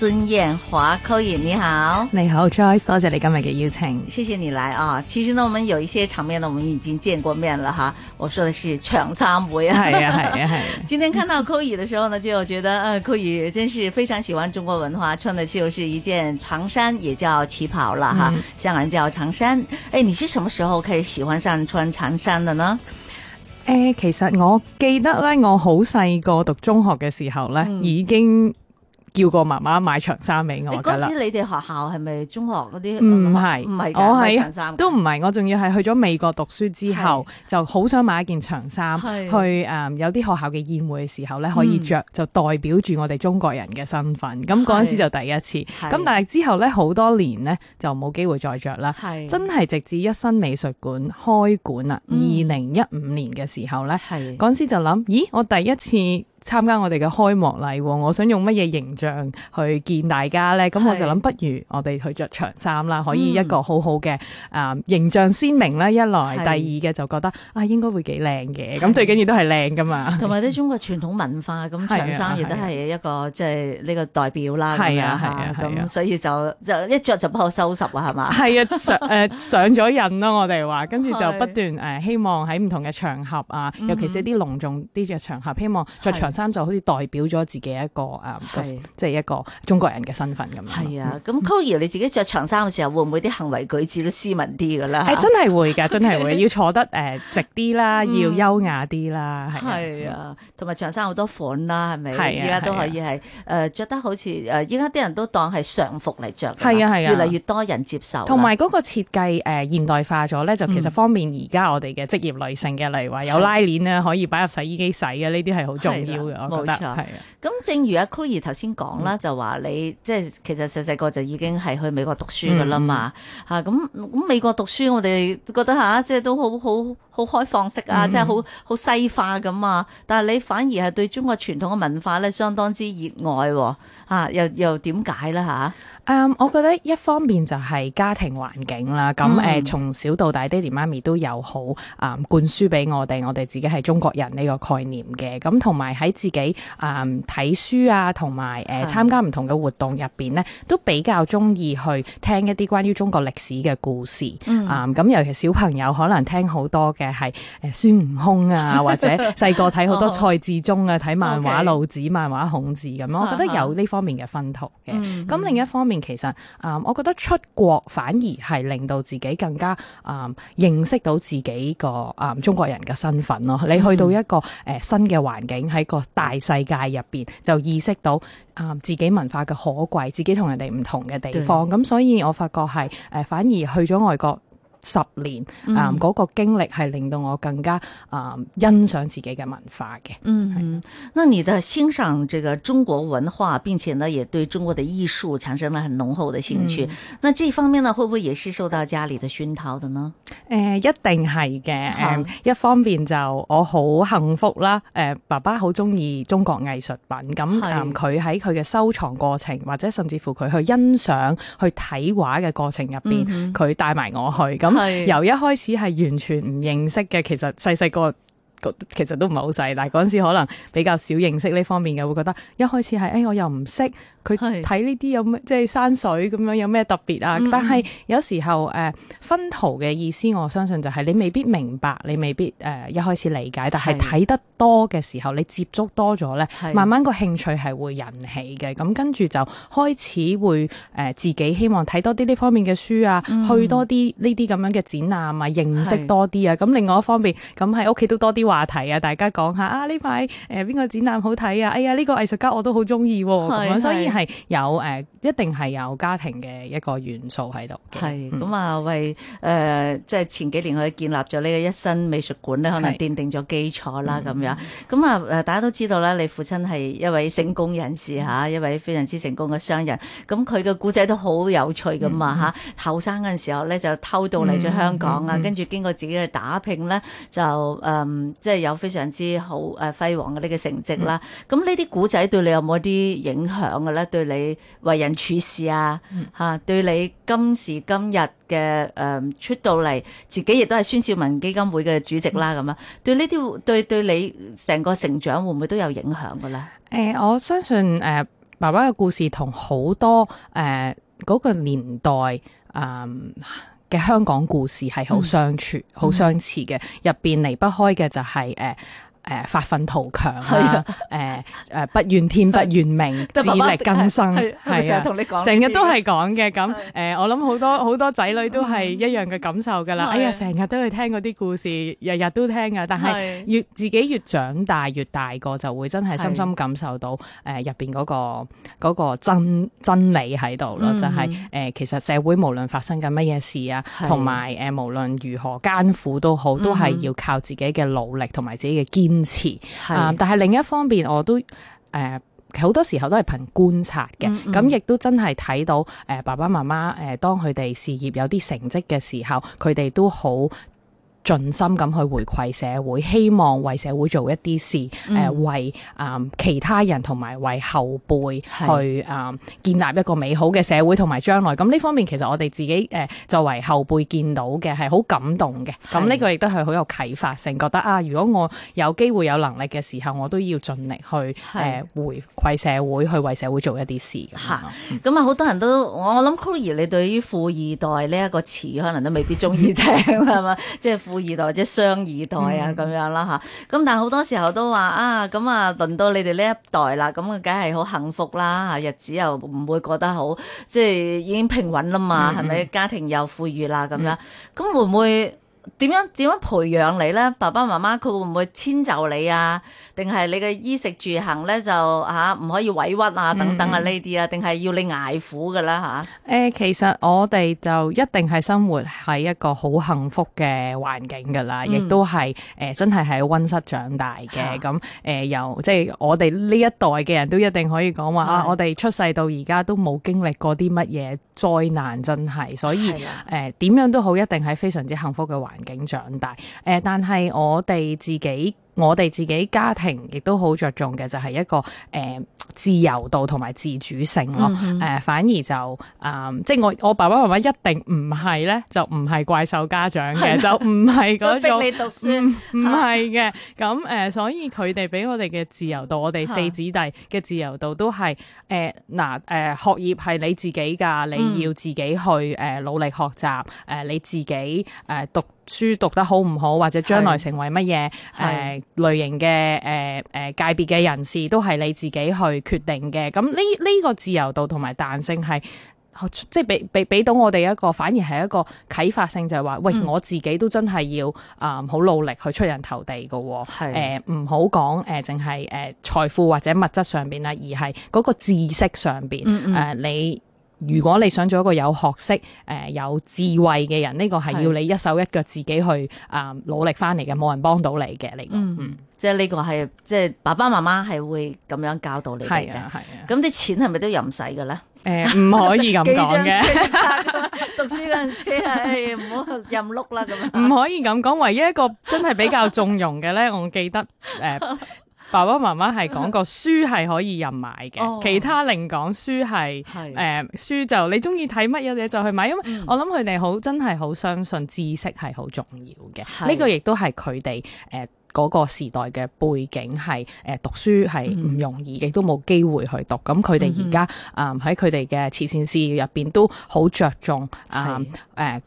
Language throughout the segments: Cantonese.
孫燕華，Coyle，你好，你好，Joyce，多謝你今日嘅邀請，謝謝你來啊。其實呢，我們有一些場面呢，我們已經見過面了哈。我說的是長衫，唔一樣，係啊，係啊，係、啊。啊、今天看到 Coyle 的時候呢，就覺得，嗯、呃、Coyle 真是非常喜歡中國文化，穿的就是一件長衫，也叫旗袍啦，哈，香港、嗯、人叫長衫。誒，你是什麼時候開始喜歡上穿長衫的呢？誒、呃，其實我記得咧，我好細個讀中學嘅時候咧，已經。嗯叫個媽媽買長衫俾我。嗰時你哋學校係咪中學嗰啲？唔係，唔係，我係都唔係。我仲要係去咗美國讀書之後，就好想買一件長衫去誒，有啲學校嘅宴會嘅時候咧，可以着，就代表住我哋中國人嘅身份。咁嗰陣時就第一次。咁但係之後咧，好多年咧就冇機會再着啦。係真係直至一新美術館開館啦，二零一五年嘅時候咧。係嗰時就諗，咦？我第一次。參加我哋嘅開幕禮，我想用乜嘢形象去見大家咧？咁我就諗，不如我哋去着長衫啦，可以一個好好嘅啊形象鮮明啦。一來，第二嘅就覺得啊，應該會幾靚嘅。咁最緊要都係靚㗎嘛。同埋啲中國傳統文化咁長衫亦都係一個即係呢個代表啦。係啊係啊，咁所以就就一着就不可收拾啊，係嘛？係啊，上誒上咗癮咯，我哋話跟住就不斷誒希望喺唔同嘅場合啊，尤其是啲隆重啲嘅場合，希望著長衫就好似代表咗自己一個誒，即係一個中國人嘅身份咁樣。係啊，咁 Coool，你自己着長衫嘅時候，會唔會啲行為舉止都斯文啲噶啦？誒，真係會噶，真係會。要坐得誒直啲啦，要優雅啲啦。係啊，同埋長衫好多款啦，係咪？係啊，而家都可以係誒着得好似，誒，而家啲人都當係常服嚟着。係啊係啊，越嚟越多人接受。同埋嗰個設計誒現代化咗咧，就其實方便而家我哋嘅職業女性嘅，例如話有拉鏈啦，可以擺入洗衣機洗嘅，呢啲係好重要。冇錯，係啊！咁錯的正如阿 Clary 頭先講啦，嗯、就話你即係其實細細個就已經係去美國讀書噶啦嘛嚇，咁咁、嗯啊、美國讀書，我哋覺得嚇、啊、即係都好好好開放式啊，嗯、即係好好西化咁啊！但係你反而係對中國傳統嘅文化咧，相當之熱愛、哦。啊，又又點解咧吓？誒，我覺得一方面就係家庭環境啦，咁誒從小到大，爹哋媽咪都有好啊、嗯、灌輸俾我哋，我哋自己係中國人呢個概念嘅。咁同埋喺自己啊睇、嗯、書啊，呃、同埋誒參加唔同嘅活動入邊咧，的都比較中意去聽一啲關於中國歷史嘅故事啊。咁、嗯嗯、尤其小朋友可能聽好多嘅係誒孫悟空啊， 或者細個睇好多蔡志忠啊，睇、 哦、漫畫老子、Okay. 漫畫孔，孔，孔子咁樣，我覺得有呢方方面嘅分途嘅，咁、嗯、另一方面其實啊，我覺得出國反而係令到自己更加啊、嗯，認識到自己個啊、嗯、中國人嘅身份咯。你去到一個誒、呃、新嘅環境，喺個大世界入邊，就意識到啊、呃、自己文化嘅可貴，自己人同人哋唔同嘅地方。咁對所以我發覺係誒、呃，反而去咗外國。十年啊，嗰、嗯、個經歷係令到我更加啊欣賞自己嘅文化嘅。嗯，嗯，那你的欣賞這個中國文化，並且呢也對中國的藝術產生了很濃厚的興趣。嗯、那這方面呢，會不會也是受到家裏的熏陶的呢？誒、嗯，一定係嘅。誒、嗯， 一方面就我好幸福啦。誒、嗯，爸爸好中意中國藝術品，咁誒佢喺佢嘅收藏過程，或者甚至乎佢去欣賞去睇畫嘅過程入邊，佢帶埋我去咁由、嗯、一開始係完全唔認識嘅，其實細細個，其實都唔係好細，但係嗰陣時可能比較少認識呢方面嘅，會覺得一開始係，誒、哎，我又唔識。佢睇呢啲有咩，即係山水咁樣有咩特別啊？嗯嗯，但係有時候誒、呃、分圖嘅意思，我相信就係你未必明白，你未必誒、呃、一開始理解，但係睇得多嘅時候，你接觸多咗咧，是的 慢慢個興趣係會引起嘅。咁、嗯嗯、跟住就開始會誒、呃、自己希望睇多啲呢方面嘅書啊，去多啲呢啲咁樣嘅展覽啊，認識多啲啊。咁另外一方面，咁喺屋企都多啲話題啊，大家講下啊，呢排誒邊個展覽好睇啊？哎呀呢、這個藝術家我都好中意所以。係有誒，一定係有家庭嘅一個元素喺度。係咁啊，嗯、為誒、呃，即係前幾年佢建立咗呢個一新美術館咧，可能奠定咗基礎啦。咁是樣咁啊，誒、嗯，大家都知道啦，你父親係一位成功人士吓，一位非常之成功嘅商人。咁佢嘅古仔都好有，有趣噶嘛吓。後生陣時候咧，就偷渡嚟咗香港啊，跟住、嗯嗯、經過自己嘅打拼咧，就誒、嗯，即係有非常之好誒輝煌嘅呢個成績啦。咁呢啲古仔對你有冇啲影響嘅咧？對你為人處事啊，吓對你今時今日嘅誒、呃、出到嚟，自己亦都係孫少文基金會嘅主席啦，咁啊，樣對呢啲對對你成個成長會唔會都有影響噶咧？誒、欸，我相信誒、呃，爸爸嘅故事同好多誒嗰、呃那個年代誒嘅、呃、香港故事係好相處、好相似嘅，入邊離不開嘅就係、是、誒。呃誒，發奮圖強啦！誒誒，不怨天不怨命，自力更生係啊，成日同你講，成日都係講嘅咁。誒，我諗好多好多仔女都係一樣嘅感受噶啦。哎呀，成日都係聽嗰啲故事，日日都聽啊。但係越自己越長大越大個，就會真係深深感受到誒入邊嗰個個真真理喺度咯。就係誒，其實社會無論發生緊乜嘢事啊，同埋誒無論如何艱苦都好，都係要靠自己嘅努力同埋自己嘅堅。詞，是但係另一方面，我都誒好、呃、多時候都係憑觀察嘅，咁亦都真係睇到誒、呃、爸爸媽媽誒，當佢哋事業有啲成績嘅時候，佢哋都好盡心咁去回饋社會，希望為社會做一啲事，誒、嗯、為啊、呃、其他人同埋為後輩去啊是、呃、建立一個美好嘅社會將，同埋將來咁呢方面其實我哋自己誒、呃、作為後輩見到嘅係好感動嘅，咁呢是個亦都係好有啟發性，覺得啊如果我有機會有能力嘅時候，我都要盡力去誒是、呃、回饋社會，去為社會做一啲事。嚇是，咁啊好多人都，我諗 Cory 你對於富二代呢一個詞可能都未必中意聽啦，係嘛？即係。富二代或者雙二代啊，咁樣啦嚇，咁、嗯、但係好多時候都話啊，咁啊輪到你哋呢一代啦，咁啊梗係好幸福啦嚇，日子又唔會過得好，即係已經平穩啦嘛，係咪、嗯嗯、家庭又富裕啦咁樣，咁會唔會？點樣點樣培養你咧？爸爸媽媽佢會唔會遷就你啊？定係你嘅衣食住行咧就吓，唔可以委屈啊？等等啊呢啲啊？定係、嗯、要你挨苦噶啦吓？誒、呃，其實我哋就一定係生活喺一個好幸福嘅環境噶啦，亦、嗯、都係誒、呃、真係喺温室長大嘅。咁誒由即係我哋呢一代嘅人都一定可以講話啊，啊！我哋出世到而家都冇經歷過啲乜嘢災難，真係。所以誒點的、呃、樣都好，一定係非常之幸福嘅環，環境長大，誒，但係我哋自己。我哋自己家庭亦都好着重嘅就係一個誒、呃、自由度同埋自主性咯，誒、呃、反而就誒、呃、即係我我爸爸媽媽一定唔係咧就唔係怪獸家長嘅，嗎就唔係嗰種逼你讀書，唔係嘅，咁誒所以佢哋俾我哋嘅自由度，我哋四子弟嘅自由度都係誒嗱誒學業係你自己噶，你要自己去誒努力學習，誒、嗯呃、你自己誒讀書讀得好唔好，或者將來成為乜嘢誒。類型嘅誒誒界別嘅人士都係你自己去決定嘅，咁呢呢個自由度同埋彈性係，即係俾俾俾到我哋一個，反而係一個啟發性，就係、是、話，喂，我自己都真係要啊，好、呃、努力去出人頭地㗎，誒唔好講誒淨係誒財富或者物質上邊啦，而係嗰個知識上邊誒、嗯嗯呃、你。如果你想做一個有學識、誒有智慧嘅人，呢個係要你一手一腳自己去啊努力翻嚟嘅，冇人幫到你嘅。你、嗯嗯，即係呢個係即係爸爸媽媽係會咁樣教導你哋嘅。係啊，係啊。咁啲錢係咪都任使嘅咧？誒、呃，唔可以咁講嘅。 讀書嗰陣時係唔好任碌啦咁樣。唔可以咁講，唯一一個真係比較縱容嘅咧， 我記得誒。呃 爸爸媽媽係講過書係可以任買嘅，哦、其他另講。書係誒書就你中意睇乜嘢你就去買，因為、嗯、我諗佢哋好真係好相信知識係好重要嘅。呢的個亦都係佢哋誒嗰個時代嘅背景係誒讀書係唔容易，亦都冇機會去讀。咁佢哋而家啊喺佢哋嘅慈善事業入邊都好着重啊誒。的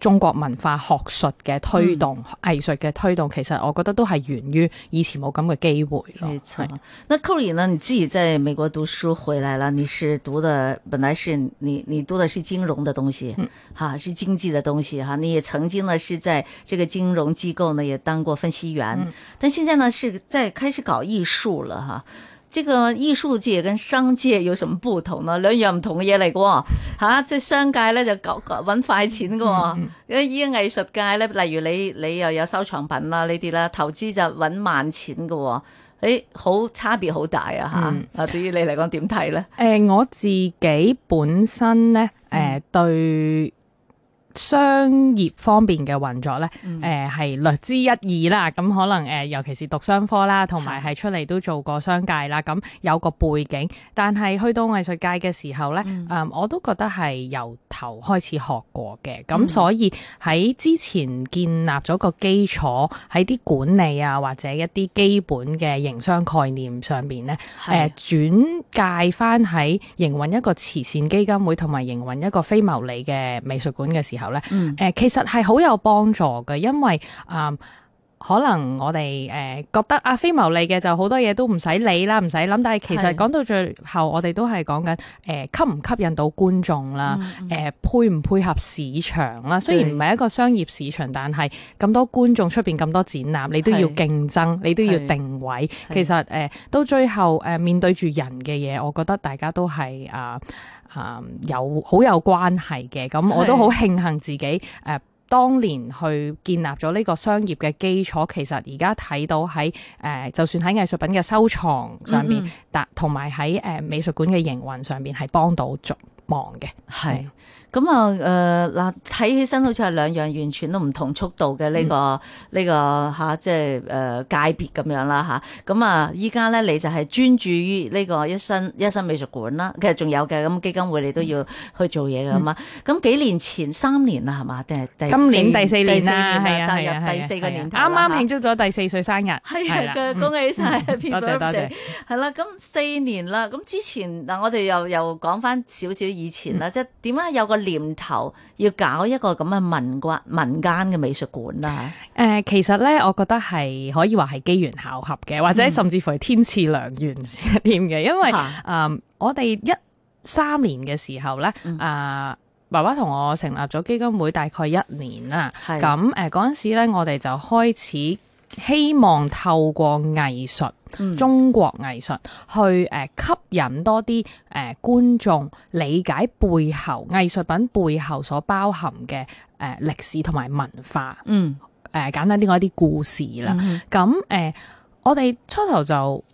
中國文化學術嘅推動、藝術嘅推動，其實我覺得都係源於以前冇咁嘅機會咯。係的，的那庫里呢？你自己喺美國讀書回來了，你是讀的，本來是你你讀的係金融嘅東西，哈、嗯，係、啊、經濟嘅東西，哈、啊，你也曾經呢是在這個金融機構呢也當過分析員，嗯、但現在呢是在開始搞藝術了，哈、啊。呢個藝術界跟商界有什麼不同呢？兩樣唔同嘅嘢嚟㗎，吓、啊、即係商界咧就搞搵快錢㗎，咁而 藝，藝術界咧，例如你你又有收藏品啦、啊、呢啲啦，投資就搵慢錢㗎，誒、哎、好差別好大啊吓！啊，對於、 嗯啊、你嚟講點睇咧？誒，嗯、 我自己本身咧，誒、呃、對。 商業方面嘅運作呢，誒係、嗯呃、略知一二啦。咁可能誒、呃，尤其是讀商科啦，同埋係出嚟都做過商界啦，咁有個背景。但係去到藝術界嘅時候呢，誒、嗯嗯、我都覺得係由頭開始學過嘅。咁所以喺之前建立咗個基礎，喺啲管理啊或者一啲基本嘅營商概念上邊呢，誒是、呃、轉介翻喺營運一個慈善基金會同埋營運一個非牟利嘅美術館嘅時候，咧，誒、嗯、其實，係好有幫助嘅，因為，啊、嗯。可能我哋誒覺得阿非牟利嘅就好多嘢都唔使理啦，唔使諗。但係其實講到最後，是我哋都係講緊誒吸唔吸引到觀眾啦，誒、嗯呃、配唔配合市場啦。嗯、雖然唔係一個商業市場，但係咁多觀眾出邊咁多展覽，你都要競爭，是你都要定位。其實誒、呃、到最後誒面對住人嘅嘢，我覺得大家都係啊啊有好有關係嘅。咁我都好慶幸自己誒。呃是當年去建立咗呢個商業嘅基礎，其實而家睇到喺誒，就算喺藝術品嘅收藏上面，但同埋喺誒美術館嘅營運上面，係幫到足忙嘅，係咁啊，誒嗱，睇起身好似係兩樣完全都唔同速度嘅呢個呢個吓，即係誒界別咁樣啦吓。咁啊，依家咧你就係專注於呢個一新一新美術館啦，其實仲有嘅，咁基金會你都要去做嘢噶嘛。咁幾年前三年啦，係嘛？第第今年第四年啦。係啊係啊，踏入第四個年頭，啱啱慶祝咗第四歲生日，係啊，恭喜晒。多謝多謝，係啦，咁四年啦，咁之前嗱我哋又又講翻少少。以前啦，嗯、即係點解有個念頭要搞一個咁嘅民國民間嘅美術館啦？誒、呃，其實咧，我覺得係可以話係機緣巧合嘅，或者甚至乎係天賜良緣一啲嘅，因為誒、嗯呃，我哋一三年嘅時候咧，啊、呃，爸爸同我成立咗基金會大概一年啦，咁誒嗰陣時咧，我哋就開始。希望透過藝術，中國藝術、嗯、去誒吸引多啲誒、呃、觀眾理解背後藝術品背後所包含嘅誒歷史同埋文化，誒、嗯呃、簡單啲講，一啲故事啦。咁誒、嗯哼呃，我哋初頭就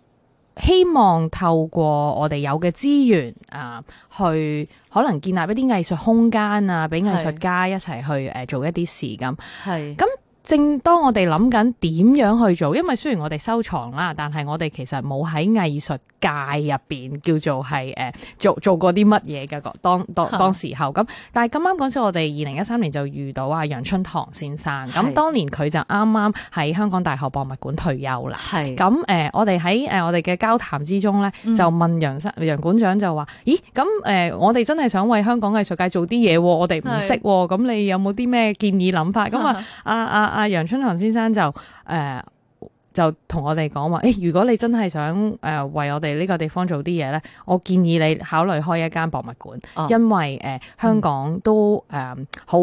希望透過我哋有嘅資源啊、呃，去可能建立一啲藝術空間啊，俾藝術家一齊去誒、呃、做一啲事咁。係咁是。是正當我哋諗緊點樣去做，因為雖然我哋收藏啦，但係我哋其實冇喺藝術界入邊叫做係誒做做過啲乜嘢嘅個當當當時候咁，啊、但係咁啱嗰時我哋二零一三年就遇到阿楊春棠先生咁，是當年佢就啱啱喺香港大學博物館退休啦。係咁誒，我哋喺誒我哋嘅交談之中咧，就問楊生楊館長就話：咦咁誒，我哋真係想為香港藝術界做啲嘢，我哋唔識喎，咁是、啊、你有冇啲咩建議諗法？咁啊，阿阿阿楊春棠先生就誒。啊就同我哋講話，誒、欸，如果你真係想誒、呃、為我哋呢個地方做啲嘢咧，我建議你考慮開一間博物館，哦、因為誒、呃、香港都誒好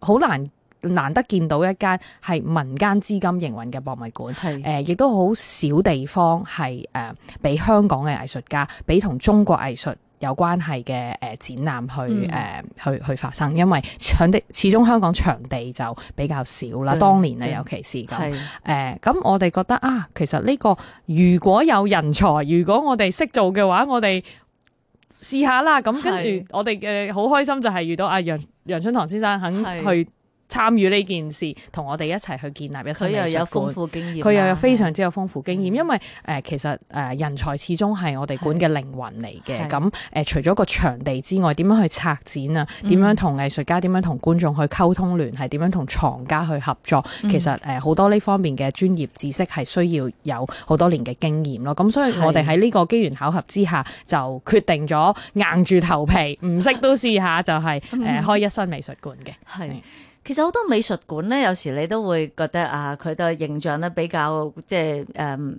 好難難得見到一間係民間資金營運嘅博物館，誒是、呃、亦都好少地方係誒俾香港嘅藝術家，俾同中國藝術。有關係嘅誒展覽去誒去去發生，嗯、因為場地始終香港場地就比較少啦。對當年咧，尤其是誒，咁、呃、我哋覺得啊，其實呢、這個如果有人才，如果我哋識做嘅話，我哋試下啦。咁跟住我哋嘅好開心就係遇到阿楊楊春棠先生肯去。參與呢件事，同我哋一齊去建立一新美術館。佢又有豐富經驗，佢又有非常之有豐富經驗，嗯、因為誒、呃、其實誒人才始終係我哋館嘅靈魂嚟嘅。咁誒是、嗯呃、除咗個場地之外，點樣去策展啊？點樣同藝術家、點樣同觀眾去溝通聯繫？點樣同藏家去合作？其實誒好、呃、多呢方面嘅專業知識係需要有好多年嘅經驗咯。咁、嗯、所以我哋喺呢個機緣巧合之下，就決定咗硬住頭皮，唔識、嗯、都試下，就係、是、誒、嗯嗯、開一新美術館嘅。係的。的其實好多美術館咧，有時你都會覺得啊，佢嘅形象咧比較即係誒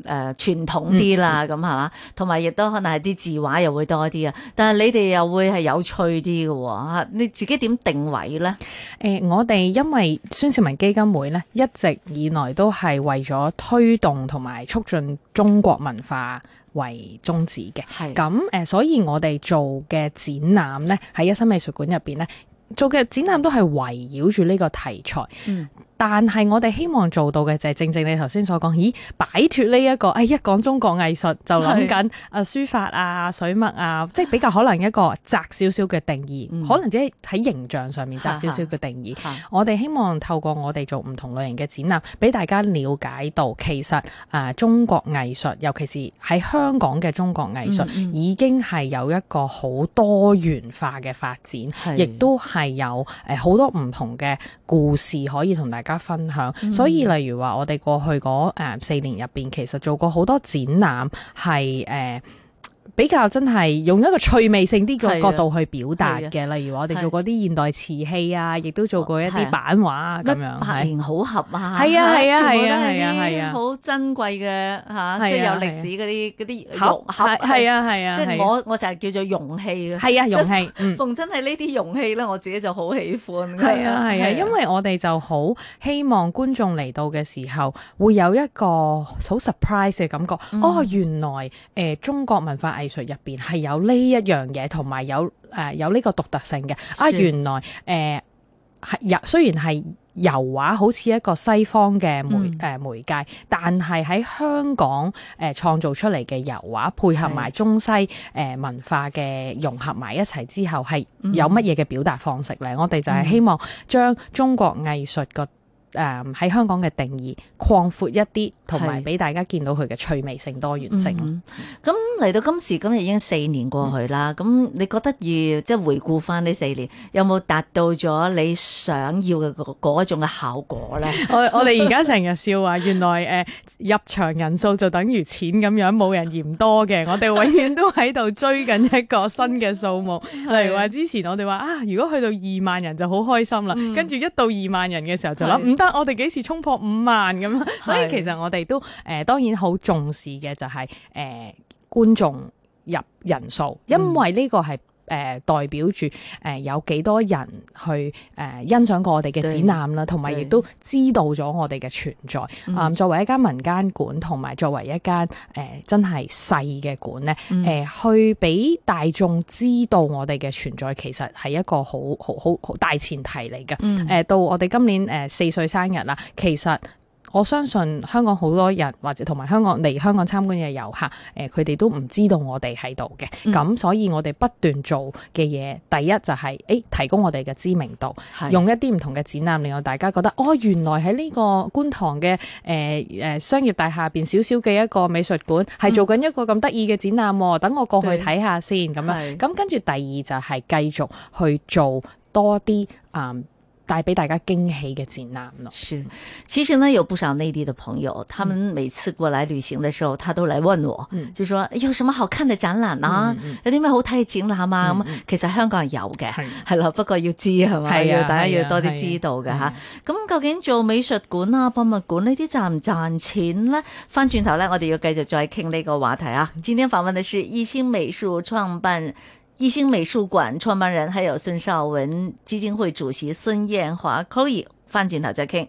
誒傳統啲啦，咁係嘛？同埋亦都可能係啲字畫又會多啲啊。但係你哋又會係有趣啲嘅喎嚇，你自己點定位咧？誒、呃，我哋因為孫氏文基金會咧，一直以來都係為咗推動同埋促進中國文化為宗旨嘅。係咁誒，所以我哋做嘅展覽咧，喺一新美術館入邊咧。做嘅展覽都係圍繞住呢個題材。嗯但係我哋希望做到嘅就係正正你頭先所講，咦擺脫呢一個誒一講中國藝術就諗緊誒書法啊水墨啊，即係比較可能一個窄少少嘅定義，嗯、可能只係喺形象上面窄少少嘅定義，嗯、我哋希望透過我哋做唔同類型嘅展覽，俾大家了解到其實誒、呃、中國藝術尤其是喺香港嘅中國藝術，嗯嗯、已經係有一個好多元化嘅發展，亦都係有誒好多唔同嘅故事可以同大家。大家分享，所以例如話，我哋過去嗰誒四年入面，其實做過好多展覽，係、呃、誒。比較真係用一個趣味性啲個角度去表達嘅，例如我哋做過啲現代瓷器啊，亦都做過一啲版畫啊咁樣，百年好合啊，係啊係啊係啊係啊，好珍貴嘅吓，即係有歷史嗰啲啲盒啊係啊，即係我我成日叫做容器㗎，係啊容器，逢真係呢啲容器咧，我自己就好喜歡。係啊係啊，因為我哋就好希望觀眾嚟到嘅時候會有一個好 surprise 嘅感覺，哦原來誒中國文化藝。藝術入邊係有呢一樣嘢，同埋有誒、呃、有呢個獨特性嘅啊！原來誒係油，雖然係油畫，好似一個西方嘅媒誒媒介，但係喺香港誒創、呃、造出嚟嘅油畫，配合埋中西誒是、呃、文化嘅融合埋一齊之後，係有乜嘢嘅表達方式咧？嗯、我哋就係希望將中國藝術個。誒喺香港嘅定義，擴闊一啲，同埋俾大家見到佢嘅趣味性、多元性。咁嚟到今時今日已經四年過去啦。咁、嗯、你覺得要即係回顧翻呢四年，有冇達到咗你想要嘅嗰種嘅效果咧？我我哋而家成日笑話，原來誒、呃、入場人數就等於錢咁樣，冇人嫌多嘅。我哋永遠都喺度追緊一個新嘅數目。例如話之前我哋話啊，如果去到二萬人就好開心啦。跟住一到二萬人嘅時候就諗唔得。我哋幾時衝破五萬咁 所以其實我哋都誒、呃，當然好重視嘅就係、是、誒、呃、觀眾入人數，因為呢個係。誒、呃、代表住誒、呃、有幾多人去誒、呃、欣賞過我哋嘅展覽啦，同埋亦都知道咗我哋嘅存在。啊、呃，作為一間民間館，同埋作為一間誒、呃、真係細嘅館咧，誒、嗯呃、去俾大眾知道我哋嘅存在，其實係一個好好好好大前提嚟嘅。誒、嗯呃、到我哋今年誒、呃、四歲生日啦，其實。我相信香港好多人，或者同埋香港嚟香港參觀嘅遊客，誒、呃，佢哋都唔知道我哋喺度嘅。咁、嗯、所以我哋不斷做嘅嘢，第一就係、是、誒、欸、提供我哋嘅知名度，是用一啲唔同嘅展覽令到大家覺得哦，原來喺呢個觀塘嘅誒誒商業大廈邊小小嘅一個美術館，係、嗯、做緊一個咁得意嘅展覽，啊，等我過去睇下先咁對樣，咁是跟住第二就係繼續去做多啲啊。嗯帶俾大,大家驚喜嘅展覽咯。是，其實呢有不少內地嘅朋友，他們每次過來旅行嘅時候，嗯、他都來問我，就說：，有什麼好看嘅展覽啊？嗯嗯、有啲咩好睇嘅展覽啊？咁、嗯，嗯、其實香港係有嘅，係咯的的，不過要知係嘛，要大家要多啲知道嘅吓。咁究竟做美術館啊、博物館呢啲賺唔賺錢呢？翻轉頭咧，我哋要繼續再傾呢個話題啊。今天訪問嘅是一新美術創辦。一新美術館創辦人，還有孫少文基金會主席孫燕華，可以翻轉頭再聽。